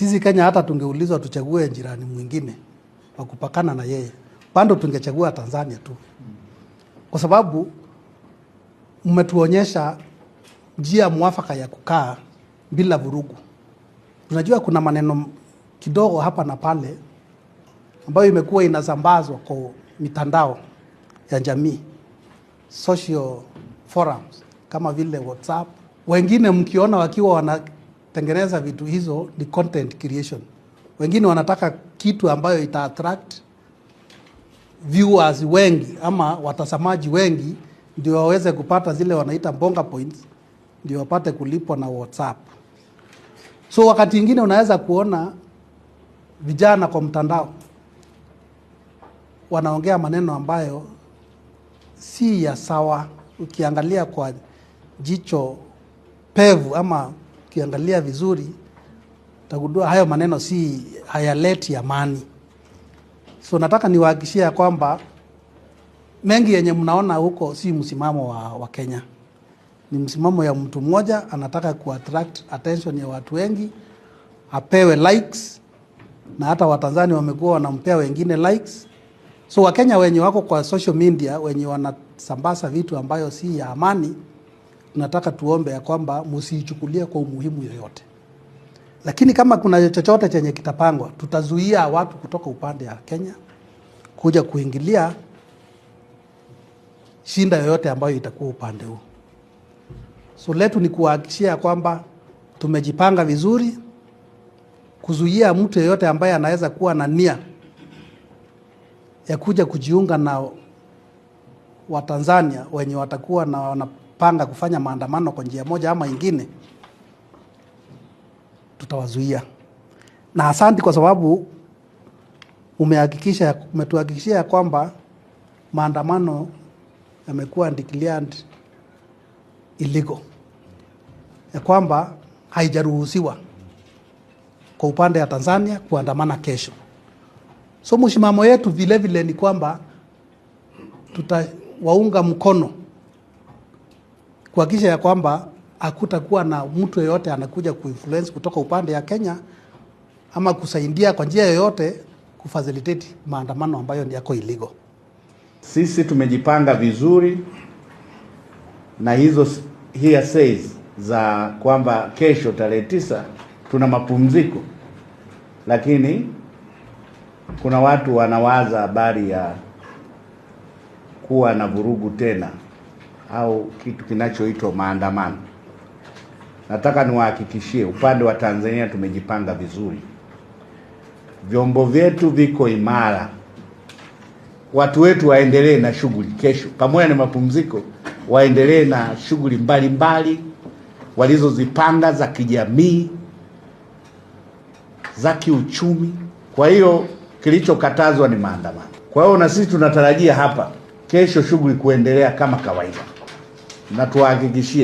Sisi Kenya hata tungeulizwa tuchague jirani mwingine wa kupakana na yeye, bado tungechagua Tanzania tu, kwa sababu mmetuonyesha njia mwafaka ya kukaa bila vurugu. Unajua, kuna maneno kidogo hapa na pale ambayo imekuwa inasambazwa kwa mitandao ya jamii social forums kama vile WhatsApp, wengine mkiona wakiwa wana tengeneza vitu hizo ni content creation. Wengine wanataka kitu ambayo ita attract viewers wengi ama watazamaji wengi, ndio waweze kupata zile wanaita bonga points, ndio wapate kulipwa na WhatsApp. So wakati mwingine unaweza kuona vijana kwa mtandao wanaongea maneno ambayo si ya sawa, ukiangalia kwa jicho pevu ama ukiangalia vizuri utagundua hayo maneno si hayaleti amani. So nataka niwahakishia ya kwamba mengi yenye mnaona huko si msimamo wa, wa Kenya, ni msimamo ya mtu mmoja anataka kuattract attention ya watu wengi, apewe likes, na hata Watanzania wamekuwa wanampea wengine likes. So Wakenya wenye wako kwa social media wenye wanasambaza vitu ambayo si ya amani nataka tuombe ya kwamba msiichukulie kwa umuhimu yoyote, lakini kama kuna chochote chenye kitapangwa, tutazuia watu kutoka upande ya Kenya kuja kuingilia shinda yoyote ambayo itakuwa upande huu. So letu ni kuhakikishia kwamba tumejipanga vizuri kuzuia mtu yeyote ambaye anaweza kuwa na nia ya kuja kujiunga na Watanzania wenye watakuwa na kupanga kufanya maandamano kwa njia moja ama ingine, tutawazuia. Na asanti kwa sababu umehakikisha, umetuhakikishia ya kwamba maandamano yamekuwa declared illegal, ya kwamba haijaruhusiwa kwa upande ya Tanzania kuandamana kesho. So msimamo yetu vile vile ni kwamba tutawaunga mkono kuhakikisha ya kwamba hakutakuwa na mtu yeyote anakuja kuinfluence kutoka upande ya Kenya ama kusaidia kwa njia yoyote kufacilitate maandamano ambayo ni yako iligo Sisi tumejipanga vizuri na hizo hearsays za kwamba kesho tarehe tisa tuna mapumziko, lakini kuna watu wanawaza habari ya kuwa na vurugu tena au kitu kinachoitwa maandamano. Nataka niwahakikishie upande wa Tanzania tumejipanga vizuri, vyombo vyetu viko imara, watu wetu waendelee na shughuli kesho, pamoja na mapumziko, waendelee na shughuli mbalimbali walizozipanga za kijamii, za kiuchumi. Kwa hiyo kilichokatazwa ni maandamano. Kwa hiyo na sisi tunatarajia hapa kesho shughuli kuendelea kama kawaida na tuhakikishie